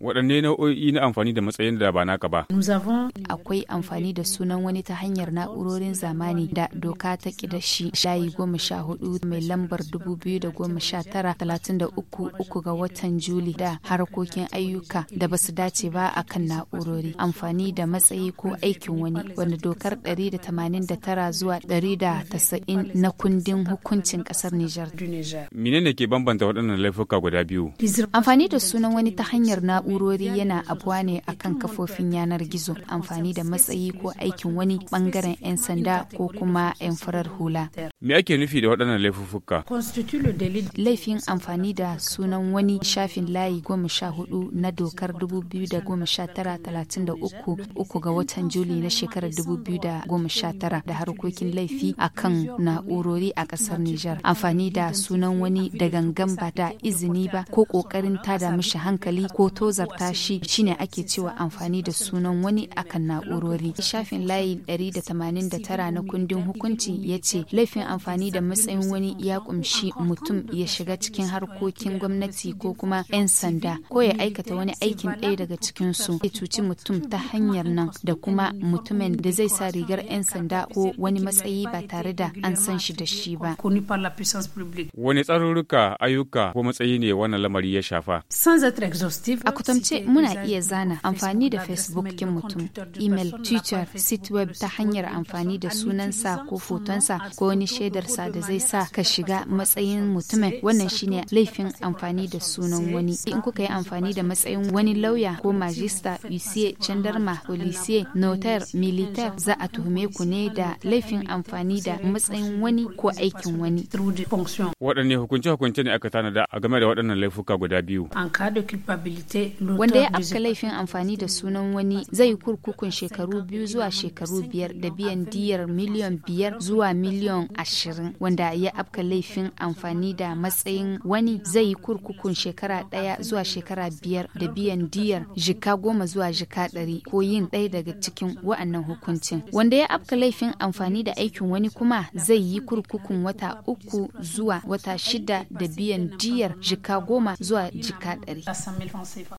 waɗanne nau'o'i na amfani da matsayin da ba naka ba akwai amfani da sunan wani ta hanyar na'urorin zamani da doka ta ƙidashi layi goma sha hudu mai lambar dubu biyu da goma sha tara talatin da uku uku ga watan juli da harkokin ayyuka da ba su dace ba a kan na'urori amfani da matsayi ko aikin wani wanda dokar ɗari da tamanin da tara zuwa ɗari da tasa'in na kundin hukuncin ƙasar Nijar. Menene ke bambanta waɗannan laifuka guda biyu? Amfani da sunan wani ta hanyar na'ura na'urori yana abuwa ne akan kafofin yanar gizo amfani da matsayi ko aikin wani bangaren 'yan sanda ko kuma 'yan farar hula Me ake nufi da waɗannan laifuffuka? Laifin amfani da sunan wani shafin layi goma sha hudu na dokar dubu biyu da goma sha tara talatin da uku uku ga watan Juli na shekarar dubu biyu da goma sha tara da harkokin laifi a kan na'urori a ƙasar Nijar. Amfani da sunan wani da gangan ba da izini ba ko ƙoƙarin tada mishi hankali ko tozarta shi shine ake cewa amfani da sunan wani akan na'urori. Shafin layi ɗari da tamanin da tara na kundin hukunci ya ce laifin amfani da matsayin wani ya kumshi mutum ya shiga cikin harkokin gwamnati ko kuma 'yan sanda ko ya aikata wani aikin ɗaya daga cikin su ya cuci mutum ta hanyar nan da kuma mutumin da zai sa rigar 'yan sanda ko wani matsayi ba tare da an san shi da shi ba. Wani tsarurruka ayyuka ko matsayi ne wannan lamari ya shafa? A kutamce muna iya zana amfani da Facebook kin mutum, email, Twitter, site web ta hanyar amfani da sunansa ko fotonsa ko wani shaidarsa da zai sa ka shiga matsayin mutumin wannan shine laifin amfani da sunan wani in kuka yi amfani da matsayin wani lauya ko majista usiye candarma polisiye notar militar za a tuhume ku ne da laifin amfani da matsayin wani ko aikin wani waɗanne hukunce-hukunce ne aka tanada a game da waɗannan laifuka guda biyu wanda ya afka laifin amfani da sunan wani zai kurkukun shekaru biyu zuwa shekaru biyar da biyan diyar miliyan biyar zuwa miliyan ashirin ashirin wanda ya afka laifin amfani da matsayin wani zai yi kurkukun shekara ɗaya zuwa shekara biyar da biyan diyar jika goma zuwa jika ɗari ko yin ɗaya daga cikin wa'annan hukuncin wanda ya afka laifin amfani da aikin wani kuma zai yi kurkukun wata uku zuwa wata shida da biyan diyar jika goma zuwa jika ɗari